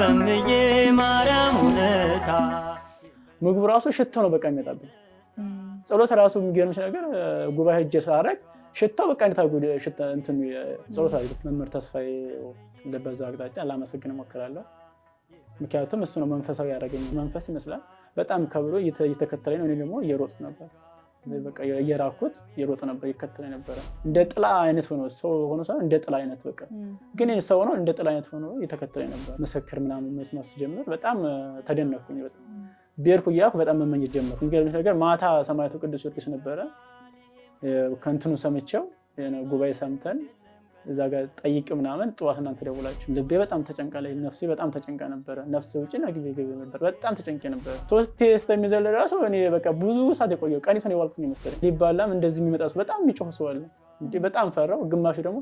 በምዬ ማርያም ሁነታ ምግቡ ራሱ ሽቶ ነው በቃ የሚመጣብኝ። ጸሎት ራሱ የሚገርምሽ ነገር ጉባኤ ሄጄ ስላደረግ ሽቶ በቃ እንዴታ ጸሎት አለ መምህር ተስፋዬ ለበዛ አቅጣጫ ላመሰግን እሞክራለሁ። ምክንያቱም እሱ ነው መንፈሳዊ ያደረገኝ። መንፈስ ይመስላል በጣም ከብሎ እየተከተለኝ ነው። እኔ ደግሞ እየሮጥኩ ነበር። በቃ እየራኩት የሮጠ ነበር ይከተል ነበረ። እንደ ጥላ አይነት ሆኖ ሰው ሆኖ ሳይሆን እንደ ጥላ አይነት በቃ ግን ሰው ሆኖ እንደ ጥላ አይነት ሆኖ የተከተለ ነበር። ምስክር ምናምን መስማት ሲጀምር በጣም ተደነኩኝ። በጣም ቤርኩ እያልኩ በጣም መመኘት ጀመርኩ። የሚገርምሽ ነገር ማታ ሰማዕቱ ቅዱስ ጊዮርጊስ ነበረ ከእንትኑ ሰምቼው ጉባኤ ሰምተን እዛ ጋር ጠይቅ ምናምን ጥዋት እናንተ ደውላችሁ ልቤ በጣም ተጨንቃ ላይ ነፍሴ በጣም ተጨንቃ ነበረ። ነፍስ ውጭ ና ጊዜ ገቢ ነበር። በጣም ተጨንቄ ነበረ። ሶስት የሚዘለ ራሱ እኔ በቃ ብዙ ሰዓት የቆየው ቀኒቱን የዋልኩት የመሰለኝ። ሊባላም እንደዚህ የሚመጣ ሰው በጣም የሚጮህ ሰው አለ። በጣም ፈራው። ግማሹ ደግሞ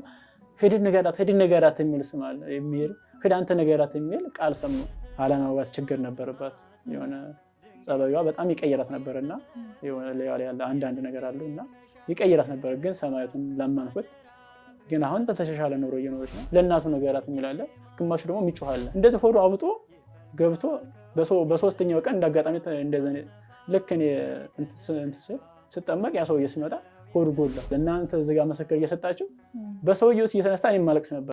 ሂድ ንገራት፣ ሂድ ንገራት የሚል ስም አለ የሚሄድ ሂድ አንተ ንገራት የሚል ቃል ሰማሁ። አለመግባት ችግር ነበረባት የሆነ ጸበቢዋ በጣም ይቀይራት ነበር እና ሌላ ያለ አንዳንድ ነገር አለ እና ይቀይራት ነበር ግን ሰማያቱን ለማንኩት ግን አሁን በተሻሻለ ኑሮ እየኖረች ነው። ለእናቱ ነገራት የሚላለ ግማሹ ደግሞ የሚጮኋለ እንደዚህ ሆዶ አብጦ ገብቶ በሶስተኛው ቀን እንዳጋጣሚ እንደዚ ልክ እንትስል ስጠመቅ ያ ሰውዬ ሲመጣ ሆድ ጎላ። ለእናንተ እዚጋ ምስክር እየሰጣችሁ ውስጥ እየተነሳ እኔ ማለቅስ ነበር።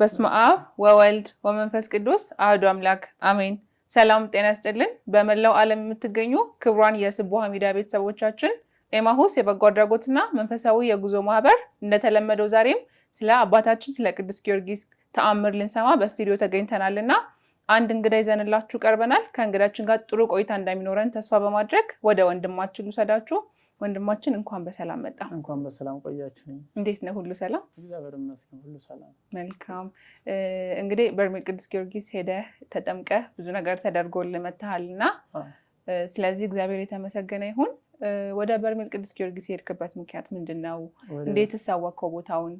በስመ አብ ወወልድ ወመንፈስ ቅዱስ አህዱ አምላክ አሜን። ሰላም ጤና ያስጥልን። በመላው ዓለም የምትገኙ ክቡራን የስቡሀ ሚዲያ ቤተሰቦቻችን ኤማሁስ የበጎ አድራጎትና መንፈሳዊ የጉዞ ማህበር እንደተለመደው ዛሬም ስለ አባታችን ስለ ቅዱስ ጊዮርጊስ ተአምር ልንሰማ በስቱዲዮ ተገኝተናል አንድ እንግዳ ይዘንላችሁ ቀርበናል። ከእንግዳችን ጋር ጥሩ ቆይታ እንደሚኖረን ተስፋ በማድረግ ወደ ወንድማችን ልውሰዳችሁ። ወንድማችን እንኳን በሰላም መጣ። እንኳን በሰላም ቆያችሁ። እንዴት ነው? ሁሉ ሰላም? እግዚአብሔር ይመስገን ሁሉ ሰላም። መልካም። እንግዲህ በርሜል ቅዱስ ጊዮርጊስ ሄደህ ተጠምቀህ ብዙ ነገር ተደርጎልህ መጥተሃል እና ስለዚህ እግዚአብሔር የተመሰገነ ይሁን። ወደ በርሜል ቅዱስ ጊዮርጊስ የሄድክበት ምክንያት ምንድን ነው? እንዴት ሳወቅከው ቦታውን?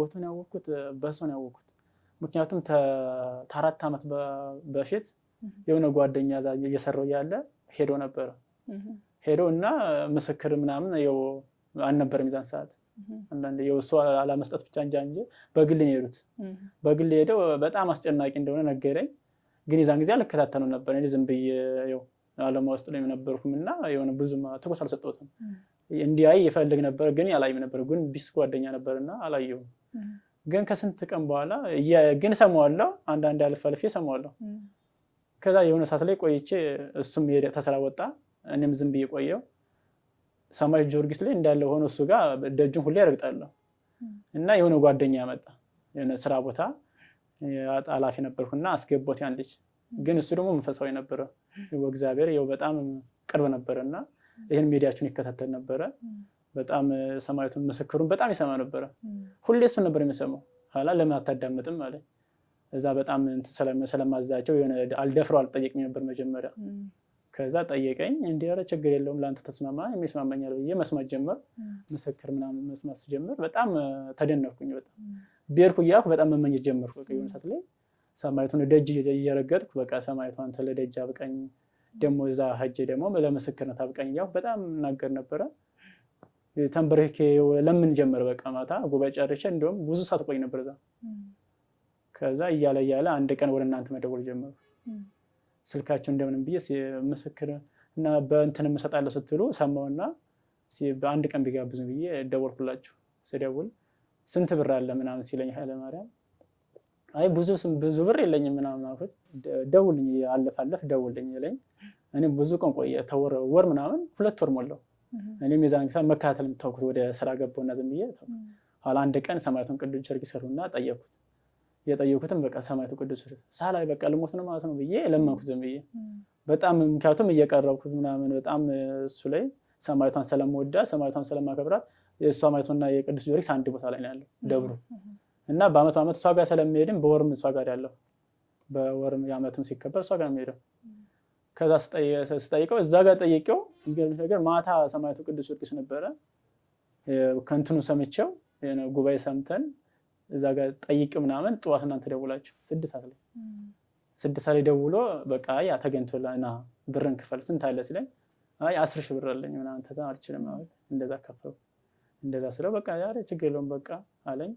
ቦታውን ያወቅኩት በሰው ነው ያወቅኩት። ምክንያቱም ከአራት ዓመት በፊት የሆነ ጓደኛ እየሰራው ያለ ሄዶ ነበረ ሄዶ እና ምስክር ምናምን ው አልነበር የዛን ሰዓት አንዳንድ የውሱ አላመስጠት ብቻ እንጃ እንጂ በግል ነው የሄዱት። በግል ሄደው በጣም አስጨናቂ እንደሆነ ነገረኝ። ግን የዛን ጊዜ አልከታተሉ ነበር እኔ ዝም ብዬ ው አለማ ውስጥ ነው የነበርኩም እና የሆነ ብዙ ትኩረት አልሰጠሁትም። እንዲያይ የፈልግ ነበር ግን ያላይም ነበር። ግን ቢስ ጓደኛ ነበር እና አላየውም። ግን ከስንት ቀን በኋላ ግን እሰማዋለሁ፣ አንዳንድ አልፍ አልፌ እሰማዋለሁ። ከዛ የሆነ ሰዓት ላይ ቆይቼ እሱም ተስራ ወጣ እኔም ዝም ብዬ ቆየው። ሰማያዊ ጊዮርጊስ ላይ እንዳለ ሆኖ እሱ ጋር ደጁን ሁሌ ያረግጣለሁ እና የሆነ ጓደኛ ያመጣ የሆነ ስራ ቦታ ኃላፊ ነበርኩና አስገቦት ያን ልጅ ግን እሱ ደግሞ መንፈሳዊ ነበረ። እግዚአብሔር ይኸው በጣም ቅርብ ነበረ እና ይህን ሚዲያችን ይከታተል ነበረ። በጣም ሰማዊቱን ምስክሩን በጣም ይሰማ ነበረ። ሁሌ እሱን ነበር የሚሰማው። ኋላ ለምን አታዳምጥም አለ። እዛ በጣም ስለማዛቸው የሆነ አልደፍረው አልጠየቅም ነበር መጀመሪያ ከዛ ጠየቀኝ። እንዲህ ኧረ ችግር የለውም ለአንተ ተስማማ የሚስማመኛል ብዬ መስማት ጀመር። ምስክር ምናምን መስማት ስጀምር በጣም ተደነኩኝ። በጣም ብሄርኩ እያልኩ በጣም መመኘት ጀመርኩ። በቃ የሆነ ሰዓት ላይ ሰማይቱን ደጅ እየረገጥኩ በቃ ሰማይቱ አንተ ለደጅ አብቀኝ፣ ደግሞ እዛ ሂጄ ደግሞ ለምስክርነት አብቀኝ እያልኩ በጣም እናገር ነበረ። ተንበርኬ ለምን ጀመር። በቃ ማታ ጉባኤ ጨርሼ እንዲሁም ብዙ ሰዓት ቆይ ነበር እዛ። ከዛ እያለ እያለ አንድ ቀን ወደ እናንተ መደወል ጀመሩ ስልካቸው እንደምንም ብዬ ምስክር እና በእንትን የምሰጣለሁ ስትሉ ሰማውና በአንድ ቀን ቢጋብዙ ብዬ ደወልኩላችሁ። ስደውል ስንት ብር አለ ምናምን ሲለኝ ኃይለማርያም አይ ብዙ ብዙ ብር የለኝም ምናምን አልኩት። ደውልኝ አለፋለፍ ደውልኝ ይለኝ። እኔ ብዙ ቀን ቆየ ተወር ወር ምናምን ሁለት ወር ሞላው። እኔም የዛን ጊዜ መከታተል የምታውኩት ወደ ስራ ገባውና ዝም ብዬ ኋላ አንድ ቀን ሰማያዊቱን ቅዱስ ጊዮርጊስ ሰሩና ጠየቅኩት። የጠየኩትም በቃ ሰማዕቱ ቅዱስ ሳላይ በቃ ልሞት ነው ማለት ነው ብዬ ለመንኩት ዝም ብዬ በጣም ምክንያቱም እየቀረብኩት ምናምን በጣም እሱ ላይ ሰማዕቷን ስለምወዳት ሰማዕቷን ስለማከብራት የእሷ ማየቷና የቅዱስ ጊዮርጊስ አንድ ቦታ ላይ ነው ያለው ደብሩ እና በአመቱ አመት እሷ ጋር ስለሚሄድም በወርም እሷ ጋር ያለው በወርም የአመትም ሲከበር እሷ ጋር የሚሄደው ከዛ ስጠይቀው እዛ ጋር ጠይቄው የሚገርምሽ ነገር ማታ ሰማዕቱ ቅዱስ ጊዮርጊስ ነበረ ከንትኑ ሰምቼው ጉባኤ ሰምተን እዛ ጋር ጠይቅ ምናምን ጥዋት እናንተ ደውላችሁ ስድስት ሰዓት ላይ ስድስት ሰዓት ላይ ደውሎ በቃ ያ ተገኝቶላ ብርን ክፈል ስንት አለ ሲለኝ አይ አስር ሺህ ብር አለኝ ምናምን ተዛ አልችልም ማለት እንደዛ ከፈው እንደዛ ስለው በቃ ያ ችግር የለውም በቃ አለኝ።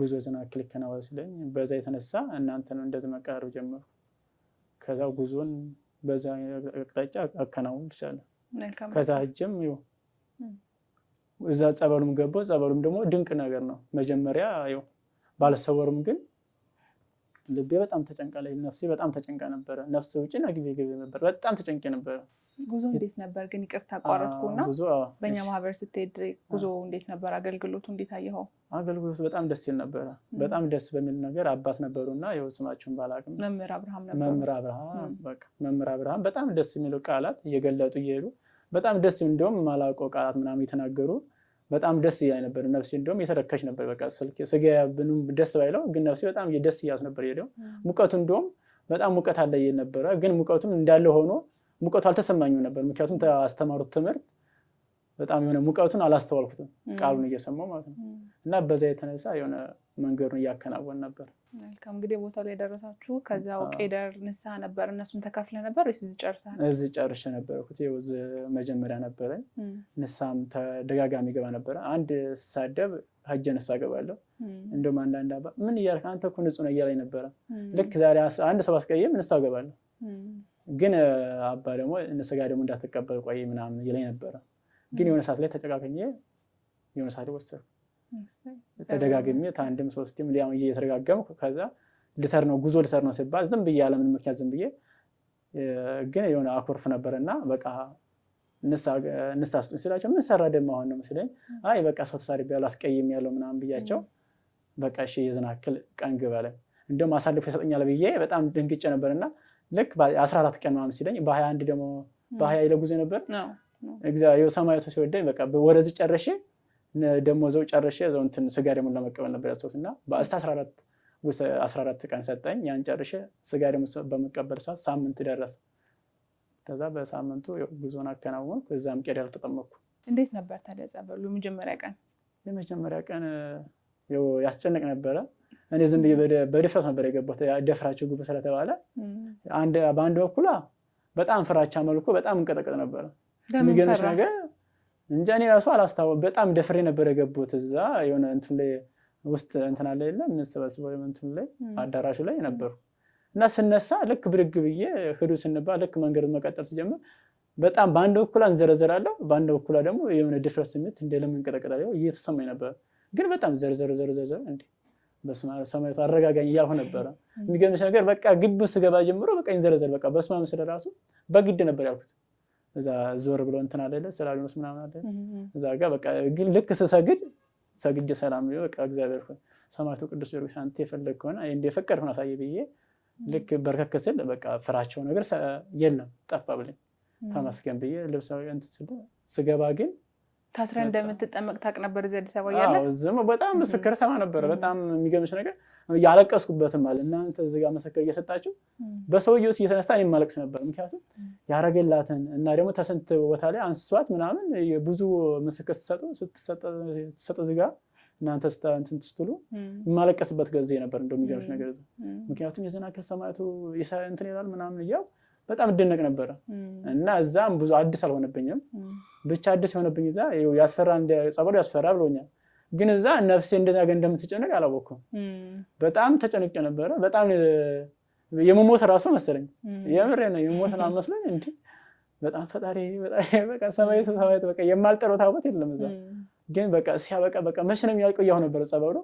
ጉዞ ዝና ክሊክ ከናወ ሲለኝ በዛ የተነሳ እናንተ ነው እንደዚህ መቀራረብ ጀመርኩ። ከዛ ጉዞን በዛ አቅጣጫ አከናውን ትቻለ ከዛ ህጅም ይኸው እዛ ጸበሉም ገባው። ጸበሉም ደግሞ ድንቅ ነገር ነው መጀመሪያ ይኸው ባልሰወርም ግን ልቤ በጣም ተጨንቃ ላይ ነፍሴ በጣም ተጨንቃ ነበረ። ነፍስ ውጭ ና ጊዜ ገቢ ነበር። በጣም ተጨንቄ ነበረ። ጉዞ እንዴት ነበር ግን? ይቅርታ አቋረጥኩና በእኛ ማህበር ስትሄድ ጉዞ እንዴት ነበር? አገልግሎቱ እንዴት አየኸው? አገልግሎቱ በጣም ደስ ይል ነበረ። በጣም ደስ በሚል ነገር አባት ነበሩና ይኸው ስማቸውን ባላቅም መምህር አብርሃም ነበሩ። መምህር አብርሃም በጣም ደስ የሚሉ ቃላት እየገለጡ እየሄዱ በጣም ደስ እንዲሁም ማላውቀው ቃላት ምናምን የተናገሩ በጣም ደስ እያለ ነበር። ነፍሴ እንደውም የተረከች ነበር። በቃ ስጋ ብንም ደስ ባይለው ግን ነፍሴ በጣም ደስ እያት ነበር። ሄደው ሙቀቱ እንደውም በጣም ሙቀት አለ ይል ነበረ። ግን ሙቀቱም እንዳለ ሆኖ ሙቀቱ አልተሰማኝም ነበር። ምክንያቱም አስተማሩት ትምህርት በጣም የሆነ ሙቀቱን አላስተዋልኩትም ቃሉን እየሰማው ማለት ነው። እና በዛ የተነሳ የሆነ መንገዱን እያከናወን ነበር መልካም እንግዲህ ቦታው ላይ ደረሳችሁ። ከዛው ቄደር ንስሐ ነበር እነሱም ተካፍለ ነበር ወይስ እዚህ ጨርሰሃል? እዚህ ጨርሼ ነበርኩት። መጀመሪያ ነበረ ንስሐም ተደጋጋሚ ገባ ነበረ። አንድ ሳደብ ሀጀ ንስሐ ገባለሁ። እንደውም አንዳንድ አባ ምን እያልክ አንተ እኮ ንጹህ ነው እያለኝ ነበረ። ልክ ዛሬ አንድ ሰው አስቀየም ንስሐ ገባለሁ፣ ግን አባ ደግሞ ስጋ ደግሞ እንዳትቀበል ቆይ ምናምን ይለኝ ነበረ። ግን የሆነ ሰዓት ላይ ተጨቃቅኜ የሆነ ሰዓት ወሰድኩ ተደጋግሜ ከአንድም ሶስትም ሊያም እየተደጋገምኩ ከዛ ልሰር ነው ጉዞ ልሰር ነው ሲባል ዝም ብዬ ያለምን ምክንያት ዝም ብዬ ግን የሆነ አኩርፍ ነበር እና በቃ ንሳ ስጡኝ ስላቸው ምን ሰራ ደማ አሁን ነው መስለኝ አይ በቃ ሰው ተሳሪ ቢያሉ አስቀይም ያለው ምናምን ብያቸው በቃ እሺ የዝናክል ቀን ግበለኝ እንደውም አሳልፎ ይሰጠኛል ብዬ በጣም ድንግጬ ነበር እና ልክ አስራ አራት ቀን ምናምን ሲለኝ በሀያ አንድ ደግሞ በሀያ ይለ ጉዞ ነበር ሰማያቱ ሲወደኝ በቃ ወደዚህ ጨረሼ ደግሞ ዘው ጨርሼ ዘው እንትን ስጋ ደግሞ ለመቀበል ነበር ያሰብኩት እና በአስተ 14 ቀን ሰጠኝ። ያን ጨርሼ ስጋ ደግሞ በመቀበል ሰዓት ሳምንት ደረሰ። ከዛ በሳምንቱ ጉዞን አከናወንኩ። እዛም ቄድ ያልተጠመኩ። እንዴት ነበር ታዲያ ጸበሉ መጀመሪያ ቀን? የመጀመሪያ ቀን ያስጨነቅ ነበረ። እኔ ዝም ብዬ በድፍረት ነበር የገባሁት። ደፍራቸው ግቡ ስለተባለ በአንድ በኩላ በጣም ፍራቻ መልኩ በጣም እንቀጠቀጥ ነበረ። የሚገርምሽ ነገር እንጃ እኔ ራሱ አላስታወ በጣም ደፍሬ ነበር የገቡት። እዛ የሆነ እንትን ላይ ውስጥ እንትን አለ የለ የምንሰበስበው እንትን ላይ አዳራሹ ላይ ነበሩ እና ስነሳ ልክ ብድግ ብዬ ህዱ ስንባ ልክ መንገድ መቀጠል ስጀምር በጣም በአንድ በኩላ እንዘረዘራለሁ፣ በአንድ በኩላ ደግሞ የሆነ ድፍረት ስሜት እንደ ለመንቀጠቀጣ እየተሰማኝ ነበር። ግን በጣም ዘርዘርዘርዘር እንደ በስመ አብ አረጋጋኝ እያልኩ ነበረ። የሚገርምሽ ነገር በቃ ግቢው ስገባ ጀምሮ በቃ ይንዘረዘር በቃ በስመ አብ ራሱ በግድ ነበር ያልኩት እዛ ዞር ብሎ እንትን አለለ ስላሉነት ምናምን አለ እዛ ጋ በቃ ግን ልክ ስሰግድ ሰግጄ ሰላም በቃ እግዚአብሔር ሆይ ሰማዕቱ ቅዱስ ጊዮርጊስ አንተ የፈለግ ከሆነ እንደፈቀድ ሆን አሳየ ብዬ ልክ በርከክ ስል በቃ ፍራቸው ነገር የለም ጠፋ ብለኝ ተመስገን ብዬ ልብስ ስገባ ግን ታስረ እንደምትጠመቅ ታቅ ነበር እዚህ አዲስ አበባ እያለ በጣም ምስክር ሰማ ነበረ። በጣም የሚገምሽ ነገር ያለቀስኩበትም አለ እናንተ እዚህ ጋር መሰከር እየሰጣችሁ በሰውዬው እየተነሳ እኔ ማለቅስ ነበር። ምክንያቱም ያረገላትን እና ደግሞ ተሰንት ቦታ ላይ አንስሷት ምናምን ብዙ ምስክር ስትሰጡ ስትሰጡ እዚህ ጋር እናንተ እንትን ስትሉ የማለቀስበት ጊዜ ነበር። እንደ እንደሚገርምሽ ነገር ምክንያቱም የዘናክል ሰማያቱ እንትን ይላል ምናምን እያው በጣም እደነቅ ነበረ እና እዛም ብዙ አዲስ አልሆነብኝም። ብቻ አዲስ የሆነብኝ እዛ ያስፈራ እንደ ጸበሉ ያስፈራ ብሎኛል። ግን እዛ ነፍሴ እንደናገ እንደምትጨነቅ አላወቅኩም። በጣም ተጨንቄ ነበረ። በጣም የመሞት ራሱ መሰለኝ። የምሬ ነው የመሞት ነው መስሎኝ። እንዲ በጣም ፈጣሪ በቃ ሰማይ ሰማይ በቃ የማልጠረው ታቦት የለም እዛ ግን በቃ ሲያበቃ በቃ መቼ ነው የሚያልቀው እያሁ ነበረ ጸበሉ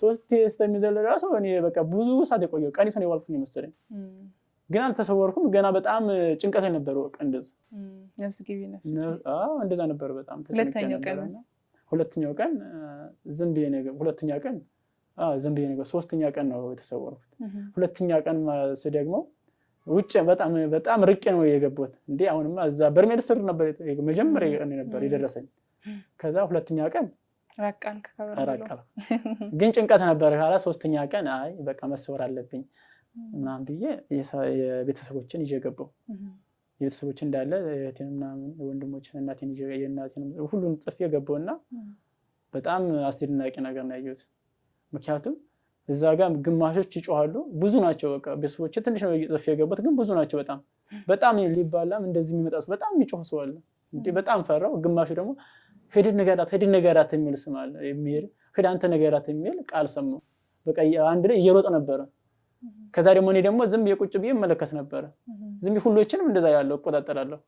ሶስት ስለሚዘል ራሱ እኔ በቃ ብዙ ሰዓት የቆየው ነው የዋልኩኝ መሰለኝ። ግን አልተሰወርኩም። ገና በጣም ጭንቀት ነበረ። ወቅ እንደዛ ነፍስ ግቢ ነፍስ እንደዛ ነበረ ሁለተኛው ቀን ዝም ብዬ ነገር ሁለተኛ ቀን ዝም ብዬ ነገር ሶስተኛ ቀን ነው የተሰወርኩት። ሁለተኛ ቀን ደግሞ ውጭ በጣም በጣም ርቄ ነው የገባሁት። እንዴ አሁንማ እዛ በርሜል ስር ነበር መጀመሪያ ቀን ነበር የደረሰኝ። ከዛ ሁለተኛ ቀን ራቃል ግን ጭንቀት ነበር። ካላ ሶስተኛ ቀን አይ በቃ መሰወር አለብኝ ምናምን ብዬ የቤተሰቦችን ይዤ ገባሁ። ቤተሰቦች እንዳለ እህቴን ወንድሞችን እናቴን የእናቴን ሁሉን ጽፌ ገባውና በጣም አስደናቂ ነገር ነው ያየሁት። ምክንያቱም እዛ ጋር ግማሾች ይጮኋሉ፣ ብዙ ናቸው። በቃ ቤተሰቦች ትንሽ ነው ጽፌ የገባት፣ ግን ብዙ ናቸው። በጣም በጣም ሊባላም እንደዚህ የሚመጣ ሰው በጣም የሚጮህ ሰው አለ። በጣም ፈራው። ግማሹ ደግሞ ሂድን ንገራት፣ ሂድን ንገራት የሚል ስም አለ። የሚሄድ ሂድ አንተ ንገራት የሚል ቃል ሰማሁ። በቃ አንድ ላይ እየሮጠ ነበረ ከዛ ደግሞ እኔ ደግሞ ዝም የቁጭ ብዬ እመለከት ነበረ። ዝም ሁሎችንም እንደዛ ያለው እቆጣጠራለሁ።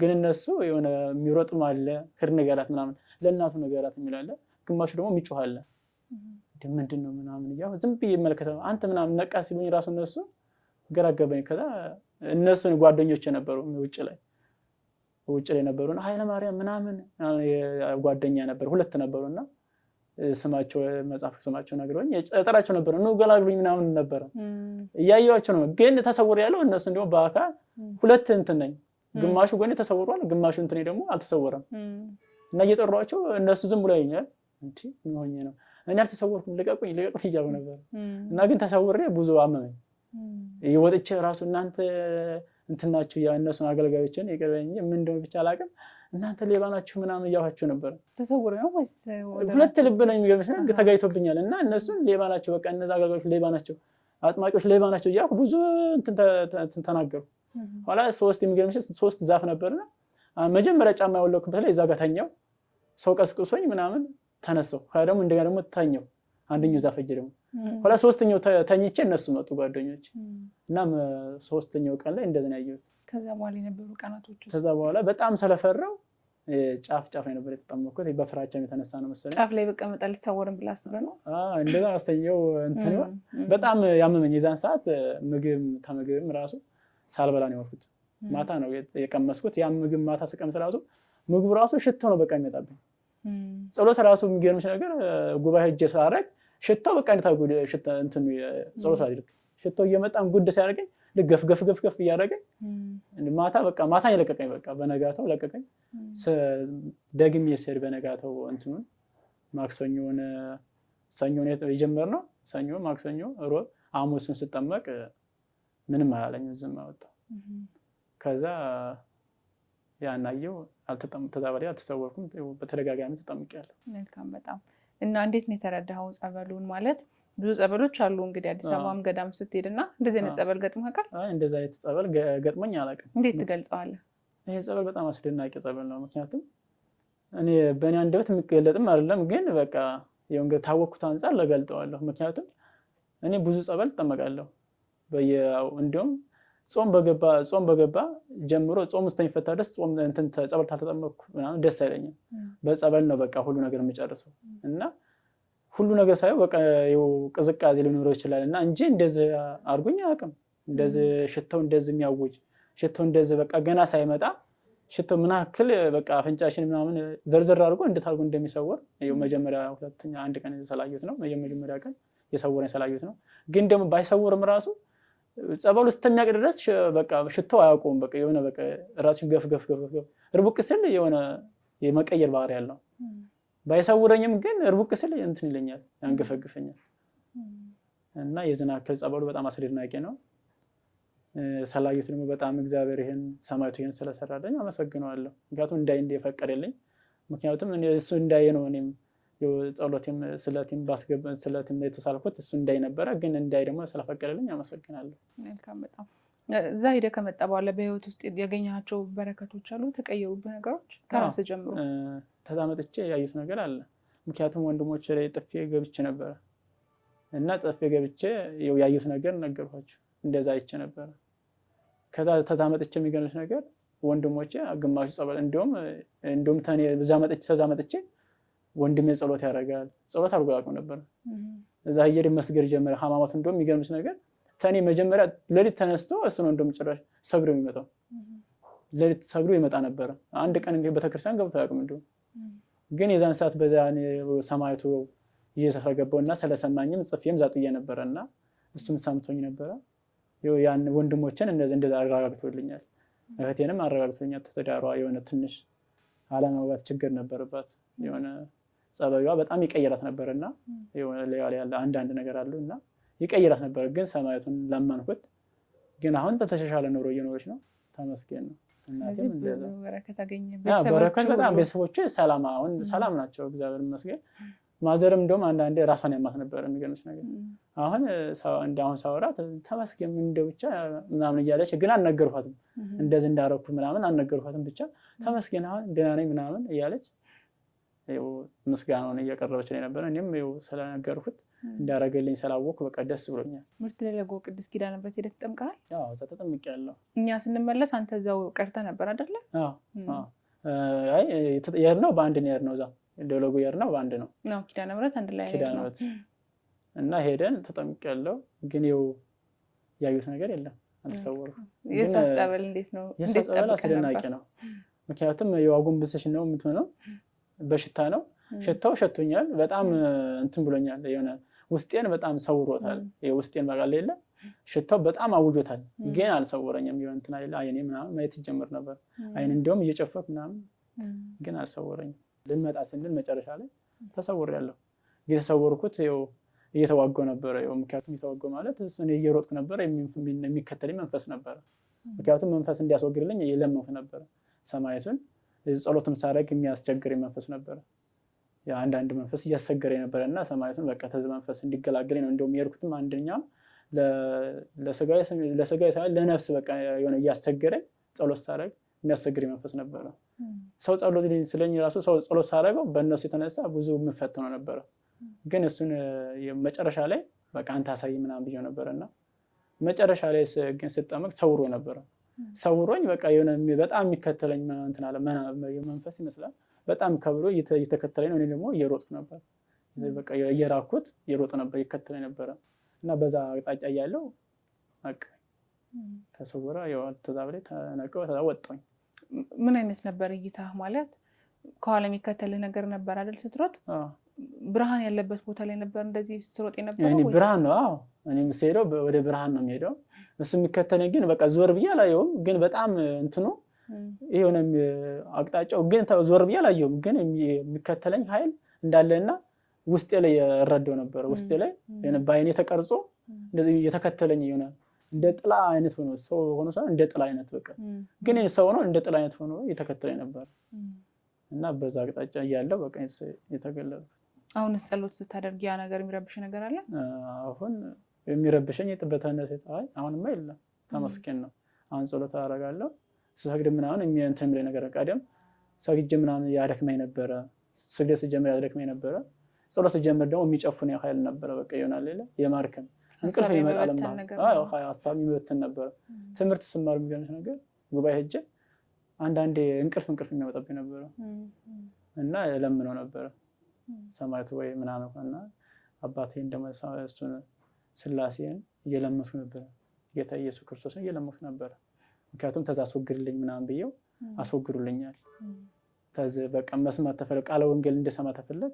ግን እነሱ የሆነ የሚሮጥም አለ ክር ነገራት ምናምን ለእናቱ ነገራት የሚላለ ግማሹ ደግሞ የሚጮኋለ ምንድን ነው ምናምን እያ ዝም ብዬ እመለከት አንተ ምናምን ነቃ ሲሉኝ ራሱ እነሱ ገራገበኝ። ከዛ እነሱ ጓደኞች የነበሩ ውጭ ላይ ውጭ ላይ ነበሩ ኃይለማርያም ምናምን ጓደኛ ነበር ሁለት ነበሩ እና ስማቸው መጽሐፍ ስማቸው ነግረውኝ ጠጠራቸው ነበረ ነው ገላግሉኝ ምናምን ነበረ እያየዋቸው ነው። ግን ተሰውር ያለው እነሱ እንዲሁም በአካል ሁለት እንትን ነኝ። ግማሹ ጎን ተሰውሯል፣ ግማሹ እንትኔ ደግሞ አልተሰወረም። እና እየጠሯቸው እነሱ ዝም ብሎ ያኛል ሆኜ ነው እኔ አልተሰወርኩም፣ ልቀቁኝ፣ ልቀቁኝ እያሉ ነበር እና ግን ተሰውሬ ብዙ አመመኝ። ወጥቼ ራሱ እናንተ እንትን ናችሁ እነሱን አገልጋዮችን ይቅር በይኝ ምን እንደሆነ ብቻ አላውቅም። እናንተ ሌባ ናችሁ ምናምን እያኋችሁ ነበር። ተሰውረ ነው ሁለት ልብ ነው የሚገርምሽ ነገር ተጋይቶብኛል። እና እነሱን ሌባ ናቸው፣ በቃ እነዛ አገልጋዮች ሌባ ናቸው፣ አጥማቂዎች ሌባ ናቸው እያልኩ ብዙ እንትን ተናገሩ። ኋላ ሶስት የሚገርምሽ ሶስት ዛፍ ነበርና መጀመሪያ ጫማ ያወለኩበት ላይ እዛ ጋ ተኛው። ሰው ቀስቅሶኝ ምናምን ተነሳው። ደግሞ እንደገና ደግሞ ተኛው አንደኛው ዛፍ እጅ ደግሞ ኋላ ሶስተኛው ተኝቼ እነሱ መጡ ጓደኞች። እናም ሶስተኛው ቀን ላይ እንደዚህ ነው ያየሁት። ከዛ በኋላ የነበሩ ቀናቶች ከዛ በኋላ በጣም ስለፈራው ጫፍ ጫፍ ላይ ነበር የተጠመኩት። በፍራቻም የተነሳ ነው መሰለኝ ጫፍ ላይ በቀመጣ ልትሰወርን ብላ አስበ ነው እንደዛ አሰኘው እንትን በጣም ያመመኝ የዛን ሰዓት ምግብ ተምግብም ራሱ ሳልበላ ነው የዋልኩት። ማታ ነው የቀመስኩት። ያ ምግብ ማታ ስቀምስ ራሱ ምግቡ ራሱ ሽቶ ነው በቃ የሚመጣብኝ። ጸሎት ራሱ የሚገርምሽ ነገር ጉባኤ ሄጄ ስላደረግ ሽታው በቃ እንታ ጉድ ሽታ እንትን ጸሎት አድርግ ሽታው እየመጣም ጉድ ሲያደርገኝ ልገፍ ገፍ ገፍ ገፍ እያደረገኝ ማታ በቃ ማታ የለቀቀኝ በቃ በነጋተው ለቀቀኝ። ደግሜ ስሄድ በነጋተው እንትኑን ማክሰኞን ሰኞን የጀመርነው ሰኞ፣ ማክሰኞ፣ ሮብ፣ ሐሙሱን ስጠመቅ ምንም አላለኝ ዝም አወጣው። ከዛ ያናየው አልተጠም አልተሰወርኩም። በተደጋጋሚ ተጠምቄያለሁ። መልካም በጣም እና እንዴት ነው የተረዳኸው ጸበሉን? ማለት ብዙ ጸበሎች አሉ እንግዲህ አዲስ አበባም ገዳም ስትሄድ እና እንደዚህ አይነት ጸበል ገጥሞ ያውቃል? እንደዚህ አይነት ጸበል ገጥሞኝ አላውቅም። እንዴት ትገልጸዋለህ? ይሄ ጸበል በጣም አስደናቂ ጸበል ነው። ምክንያቱም እኔ በእኔ አንደበት የሚገለጥም አይደለም፣ ግን በቃ ያው እንግዲህ ታወቅኩት አንጻር ለገልጠዋለሁ። ምክንያቱም እኔ ብዙ ጸበል እጠመቃለሁ በየ እንዲሁም ጾም በገባ ጾም በገባ ጀምሮ ጾም እስከሚፈታ ደስ ጾም እንትን ጸበል ካልተጠመቅኩ ደስ አይለኝም። በጸበል ነው በቃ ሁሉ ነገር የምጨርሰው እና ሁሉ ነገር ሳይሆን በቃ ቅዝቃዜ ሊኖረው ይችላል እና እንጂ እንደዚህ አድርጎኝ አያውቅም። እንደዚህ ሽተው እንደዚህ የሚያውጅ ሽተው እንደዚህ በቃ ገና ሳይመጣ ሽታው ምናክል ያክል በቃ አፍንጫሽን ምናምን ዘርዘር አድርጎ እንዴት አድርጎ እንደሚሰወር መጀመሪያ ሁለተኛ አንድ ቀን የተሰላዩት ነው መጀመሪያ ቀን የሰወረን የሰላዩት ነው። ግን ደግሞ ባይሰውርም ራሱ ጸበሉ ስተሚያቅ ድረስ በቃ ሽታው አያውቁም። በቃ የሆነ በቃ ራሱን ገፍገፍገፍገፍ እርቡቅ ስል የሆነ የመቀየር ባህሪ ያለው ባይሰውረኝም ግን እርቡቅ ስል እንትን ይለኛል፣ ያንገፈግፈኛል። እና የዝናክል ጸበሉ በጣም አስደናቂ ነው። ሰላዩት ደግሞ በጣም እግዚአብሔር ይህን ሰማይቱ ይህን ስለሰራለኝ አመሰግነዋለሁ። ምክንያቱም እንዳይ የፈቀደልኝ ምክንያቱም እሱ እንዳየ ነው እኔም ጸሎቴም ስለቴም ስለቴም የተሳልኩት እሱ እንዳይ ነበረ፣ ግን እንዳይ ደግሞ ስለፈቀደልኝ አመሰግናለሁ። መልካም በጣም እዛ ሄደህ ከመጣ በኋላ በህይወት ውስጥ ያገኘቸው በረከቶች አሉ? ተቀየሩብህ ነገሮች? ከራስ ጀምሮ ተዛመጥቼ ያዩት ነገር አለ። ምክንያቱም ወንድሞች ላይ ጥፌ ገብቼ ነበረ እና ጥፌ ገብቼ ያዩት ነገር ነገርኳቸው። እንደዛ አይቼ ነበረ። ከዛ ተዛመጥቼ የሚገርምሽ ነገር ወንድሞቼ ግማሹ ጸበል እንዲሁም እንዲሁም ተዛመጥቼ ወንድሜ ጸሎት ያደርጋል። ጸሎት አድርጎ ያውቀው ነበር። እዛ አየር መስገድ ጀመረ። ሀማማት እንደውም የሚገርምሽ ነገር ተኔ መጀመሪያ ሌሊት ተነስቶ እሱ ነው እንደውም ጭራሽ ሰግዶ የሚመጣው ሌሊት ሰግዶ ይመጣ ነበረ። አንድ ቀን እንግዲህ ቤተክርስቲያን ገብቶ አያውቅም። እንዲሁም ግን የዛን ሰዓት በዛ ሰማይቱ ገባው እና ስለሰማኝም ጽፌም ዛጥዬ ነበረ እና እሱም ሰምቶኝ ነበረ። ያን ወንድሞችን እንደዚ አረጋግቶልኛል። እህቴንም አረጋግቶኛል። ተዳሯ የሆነ ትንሽ አለመግባት ችግር ነበረባት የሆነ ጸባዩዋ በጣም ይቀይራት ነበር እና ያለ አንዳንድ ነገር አሉ እና ይቀይራት ነበር። ግን ሰማያቱን ለመንኩት። ግን አሁን በተሻሻለ ኑሮ እየኖረች ነው። ተመስገን ነው። በረከት በጣም ቤተሰቦች ሰላም አሁን ሰላም ናቸው፣ እግዚአብሔር ይመስገን። ማዘርም እንደውም አንዳንዴ ራሷን ያማት ነበር የሚገርምሽ ነገር። አሁን እንደ አሁን ሳወራት ተመስገን እንደ ብቻ ምናምን እያለች ግን አልነገርኳትም፣ እንደዚህ እንዳረኩ ምናምን አልነገርኳትም። ብቻ ተመስገን አሁን ደህና ነኝ ምናምን እያለች ምስጋናውን እያቀረበች ነው የነበረ። እኔም ስለነገርኩት እንዳረገልኝ ስላወቅ በቃ ደስ ብሎኛል። ምርት ለለጎ ቅዱስ ኪዳነምህረት ሄደህ ተጠምቀሃል? ያለው እኛ ስንመለስ አንተ እዛው ቀርተህ ነበር አይደለ? የሄድነው በአንድ ነው የሄድነው። እዛ ደለጎ የሄድነው በአንድ ነው ኪዳነምህረት አንድ ላይ ኪዳነምህረት እና ሄደን ተጠምቅ ያለው ግን ው ያዩት ነገር የለም አልተሰወርኩም። የእሷ ጸበል እንዴት ነው? የእሷ ጸበል አስደናቂ ነው። ምክንያቱም የአጎንብሰሽ ነው የምትሆነው በሽታ ነው። ሽታው ሸቶኛል። በጣም እንትን ብሎኛል። የሆነ ውስጤን በጣም ሰውሮታል። ውስጤን በቃል የለ ሽታው በጣም አውጆታል። ግን አልሰወረኝም። የሆነ እንትን አይኔ ምናምን ማየት ይጀምር ነበር። አይን እንዲሁም እየጨፈት ምናምን ግን አልሰወረኝም። ልንመጣ ስንል መጨረሻ ላይ ተሰውር ያለው እየተሰወርኩት ው እየተዋጋው ነበረ። ምክንያቱም እየተዋጋው ማለት እኔ እየሮጥኩ ነበረ፣ የሚከተለኝ መንፈስ ነበረ። ምክንያቱም መንፈስ እንዲያስወግድልኝ እየለመንኩ ነበረ ሰማይቱን ጸሎትም ሳደረግ የሚያስቸግር መንፈስ ነበረ። አንዳንድ መንፈስ እያስቸገረ ነበረ እና ሰማያቱን በቃ ተዚ መንፈስ እንዲገላገል ነው። እንዲሁም የርኩትም አንደኛም ለስጋዊ ሳይሆን ለነፍስ በቃ የሆነ እያስቸገረ ጸሎት ሳደረግ የሚያስቸግር መንፈስ ነበረ። ሰው ጸሎት ስለኝ ራሱ ሰው ጸሎት ሳደረገው በእነሱ የተነሳ ብዙ የምፈተነው ነበረ። ግን እሱን መጨረሻ ላይ በቃ አንተ አሳይ ምናምን ብዬ ነበረ እና መጨረሻ ላይ ግን ስጠመቅ ሰውሮ ነበረ ሰውሮኝ በቃ የሆነ በጣም የሚከተለኝ እንትን አለ መንፈስ ይመስላል። በጣም ከብሎ እየተከተለኝ ነው። እኔ ደግሞ እየሮጥኩ ነበር፣ እየራኩት እየሮጥ ነበር፣ እየከተለኝ ነበረ እና በዛ አቅጣጫ እያለው በቃ ተሰውረ ተዛ ላይ ተነቀው ተዛ ወጣኝ። ምን አይነት ነበር እይታ ማለት? ከኋላ የሚከተልህ ነገር ነበር አይደል? ስትሮጥ ብርሃን ያለበት ቦታ ላይ ነበር እንደዚህ ስትሮጥ የነበረ ብርሃን ነው። እኔ የምትሄደው ወደ ብርሃን ነው የሚሄደው እሱ የሚከተለኝ ግን በቃ ዞር ብዬ አላየውም፣ ግን በጣም እንትኑ የሆነ አቅጣጫው ግን ዞር ብዬ አላየውም፣ ግን የሚከተለኝ ኃይል እንዳለና ውስጤ ላይ እረዳው ነበረ። ውስጤ ላይ በአይኔ ተቀርጾ እንደዚህ የተከተለኝ የሆነ እንደ ጥላ አይነት ሆኖ ሰው ሆኖ ሳይሆን እንደ ጥላ አይነት በቃ ግን ሰው ነው፣ እንደ ጥላ አይነት ሆኖ እየተከተለኝ ነበር እና በዛ አቅጣጫ እያለው በቃ የተገለጽኩት። አሁን ጸሎት ስታደርግ ያ ነገር የሚረብሽ ነገር አለ አሁን የሚረብሸኝ የጥበት አይነት ጣይ አሁንማ የለም። ተመስገን ነው። አሁን ጸሎት አደርጋለሁ ስሰግድ ምናምን እንትን የሚለኝ ነገር ቀደም ሰግጄ ምናምን ያደክመኝ ነበረ። ስግደት ስጀምር ያደክመኝ ነበረ። ጸሎት ስጀምር ደግሞ የሚጨፉን ኃይል ነበረ። በቃ ይሆናል ሌለ የማርከን እንቅልፍ ይመጣል ሀሳብ የሚበትን ነበረ። ትምህርት ስማር የሚገርምሽ ነገር ጉባኤ ሄጄ አንዳንዴ እንቅልፍ እንቅልፍ የሚያመጣብኝ ነበረ እና ለምነው ነበረ ሰማዕቱ ወይ ምናምን እና አባቴ እንደመ እሱን ስላሴን እየለመንኩ ነበረ። ጌታ ኢየሱስ ክርስቶስን እየለመንኩ ነበረ። ምክንያቱም ተዛ አስወግድልኝ ምናምን ብየው አስወግዱልኛል። ተዝ በቃ መስማት ተፈለግ ቃለ ወንጌል እንደሰማ ተፈለግ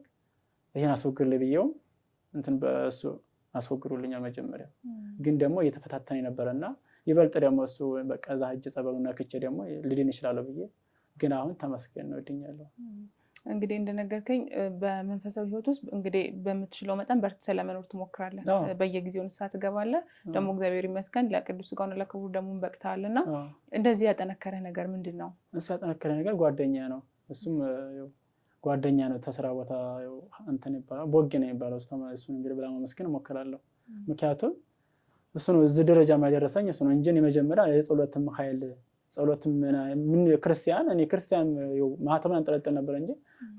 ይህን አስወግድልኝ ብየውም እንትን በእሱ አስወግዱልኛል። መጀመሪያ ግን ደግሞ እየተፈታተነ እና ይበልጥ ደግሞ እሱ በቃ ዛ ህጅ ጸበሉና ክቼ ደግሞ ልድን ይችላለሁ ብዬ ግን አሁን ተመስገን ነው ድኛለሁ። እንግዲህ እንደነገርከኝ በመንፈሳዊ ህይወት ውስጥ እንግዲህ በምትችለው መጠን በርትተህ ለመኖር ትሞክራለህ። በየጊዜው ንስሐ ትገባለህ። ደግሞ እግዚአብሔር ይመስገን ለቅዱስ ሥጋውን ለክቡር ደግሞ በቅተሃል እና እንደዚህ ያጠነከረ ነገር ምንድን ነው? እሱ ያጠነከረ ነገር ጓደኛ ነው። እሱም ጓደኛ ነው። ተስራ ቦታ እንትን ይባላል፣ ቦጌ ነው የሚባለው። እሱ እንግዲህ ብላ ማመስገን እሞክራለሁ። ምክንያቱም እሱ ነው እዚህ ደረጃ ያደረሰኝ እሱ ነው እንጂ የመጀመሪያ የጸሎትም ኃይል ጸሎት ምን ክርስቲያን እኔ ክርስቲያን ማህተም አንጠለጠል ነበረ እንጂ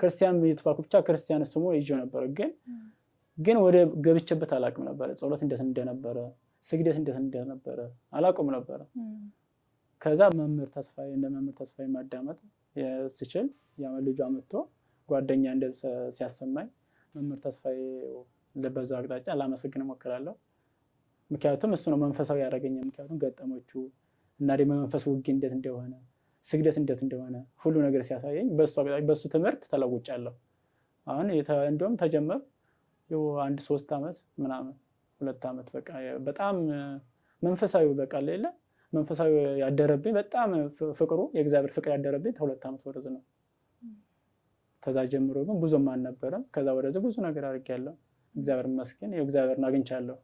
ክርስቲያን እየተባልኩ ብቻ ክርስቲያን ስሙ ይዤ ነበረ። ግን ግን ወደ ገብቼበት አላቅም ነበረ። ጸሎት እንደት እንደነበረ ስግደት እንደት እንደነበረ አላቁም ነበረ። ከዛ መምህር ተስፋዬ እንደ መምህር ተስፋዬ ማዳመጥ ስችል ልጇ መጥቶ ጓደኛ እንደ ሲያሰማኝ መምህር ተስፋዬ በዛው አቅጣጫ ላመሰግን እሞክራለሁ። ምክንያቱም እሱ ነው መንፈሳዊ ያደረገኝ። ምክንያቱም ገጠሞቹ እና ደግሞ የመንፈስ ውጊ እንዴት እንደሆነ ስግደት እንዴት እንደሆነ ሁሉ ነገር ሲያሳየኝ በሱ ትምህርት ተለውጫለሁ። አሁን እንዲሁም ተጀመር አንድ ሶስት ዓመት ምናምን ሁለት ዓመት በቃ በጣም መንፈሳዊ በቃ ሌለ መንፈሳዊ ያደረብኝ በጣም ፍቅሩ የእግዚአብሔር ፍቅር ያደረብኝ ከሁለት ዓመት ወረዝ ነው። ከዛ ጀምሮ ግን ብዙም አልነበረም። ከዛ ወደዚህ ብዙ ነገር አድርጌያለሁ። እግዚአብሔር ይመስገን እግዚአብሔርን አግኝቻለሁ።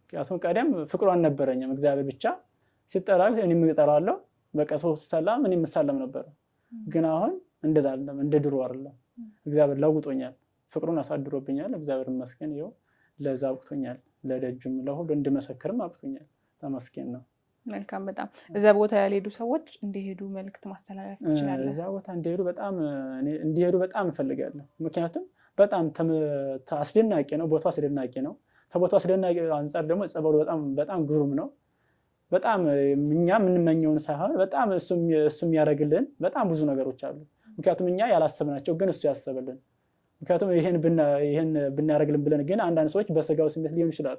ምክንያቱም ቀደም ፍቅሩ አልነበረኝም። እግዚአብሔር ብቻ ሲጠራል እኔም እጠራለሁ። በቃ ሰው ሲሰላም እኔ የምሳለም ነበር። ግን አሁን እንደዛ አይደለም፣ እንደ ድሮ አይደለም። እግዚአብሔር ለውጦኛል፣ ፍቅሩን አሳድሮብኛል። እግዚአብሔር ይመስገን። ይኸው ለዛ አብቅቶኛል፣ ለደጁም ለሁሉ እንድመሰክርም አብቅቶኛል። ተመስገን ነው። መልካም። በጣም እዛ ቦታ ያልሄዱ ሰዎች እንዲሄዱ መልዕክት ማስተላለፍ ትችላለህ? እዛ ቦታ እንዲሄዱ በጣም እንዲሄዱ በጣም እፈልጋለሁ። ምክንያቱም በጣም አስደናቂ ነው ቦታው፣ አስደናቂ ነው። ከቦታው አስደናቂ አንጻር ደግሞ ጸበሉ በጣም በጣም ግሩም ነው። በጣም እኛ የምንመኘውን ሳይሆን በጣም እሱ የሚያደርግልን በጣም ብዙ ነገሮች አሉ። ምክንያቱም እኛ ያላሰብናቸው ግን እሱ ያሰበልን። ምክንያቱም ይህን ብናደርግልን ብለን ግን አንዳንድ ሰዎች በስጋው ስሜት ሊሆን ይችላሉ።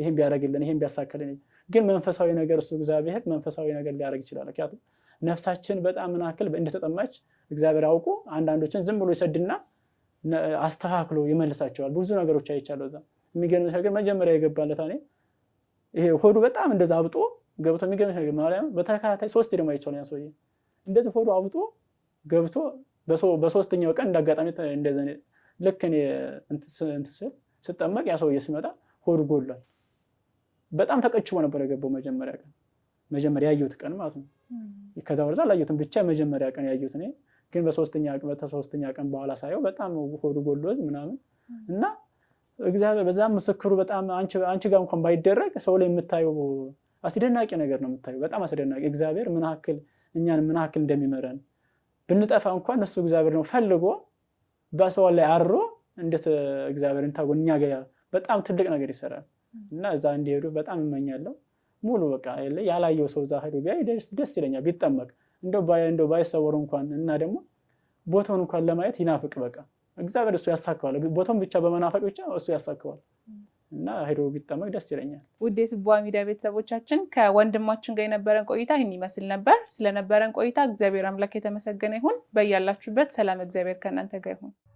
ይህን ቢያደርግልን፣ ይህን ቢያሳክልን፣ ግን መንፈሳዊ ነገር እሱ እግዚአብሔር መንፈሳዊ ነገር ሊያደርግ ይችላል። ምክንያቱም ነፍሳችን በጣም ምናክል እንደተጠማች እግዚአብሔር አውቁ አንዳንዶችን ዝም ብሎ ይሰድና አስተካክሎ ይመልሳቸዋል። ብዙ ነገሮች አይቻለ። እዛ የሚገርምሽ ነገር መጀመሪያ የገባለት ይሄ ሆዱ በጣም እንደዛ አብጦ ገብቶ የሚገርምሽ ነገር ማርያም በተከታታይ ሶስት ደግሞ አይቼዋለሁ። ነው ሰውዬ እንደዚህ ሆዱ አብጦ ገብቶ በሶስተኛው ቀን እንዳጋጣሚ እንደዚህ ልክ እንትን ስል ስጠመቅ ያ ሰውዬ ሲመጣ ሆዱ ጎሏል። በጣም ተቀችቦ ነበር የገባው መጀመሪያ ቀን መጀመሪያ ያየሁት ቀን ማለት ነው። ከዛ ወርዛ አላየሁትም ብቻ መጀመሪያ ቀን ያየሁት እኔ ግን በሶስተኛ በሶስተኛ ቀን በኋላ ሳየው በጣም ሆዱ ጎሎ ምናምን እና እግዚአብሔር በዛም ምስክሩ በጣም አንቺ ጋር እንኳን ባይደረግ ሰው ላይ የምታየው አስደናቂ ነገር ነው የምታየው። በጣም አስደናቂ እግዚአብሔር ምን ያክል እኛን ምን ያክል እንደሚመረን ብንጠፋ እንኳን እሱ እግዚአብሔር ነው ፈልጎ በሰው ላይ አድሮ እንዴት እግዚአብሔር እንታጎ እኛ ጋ በጣም ትልቅ ነገር ይሰራል እና እዛ እንዲሄዱ በጣም እመኛለሁ። ሙሉ በቃ ያላየው ሰው እዛ ሄዱ ቢያይ ደስ ይለኛል። ቢጠመቅ እንደው ባይሰወሩ እንኳን እና ደግሞ ቦታውን እንኳን ለማየት ይናፍቅ። በቃ እግዚአብሔር እሱ ያሳካዋል። ቦታውን ብቻ በመናፈቅ ብቻ እሱ ያሳካዋል። እና ሄዶ ቢጠመቅ ደስ ይለኛል። ውዴት የትቦዋ ሚዲያ ቤተሰቦቻችን ከወንድማችን ጋር የነበረን ቆይታ ይህን ይመስል ነበር። ስለነበረን ቆይታ እግዚአብሔር አምላክ የተመሰገነ ይሁን። በያላችሁበት ሰላም እግዚአብሔር ከእናንተ ጋር ይሁን።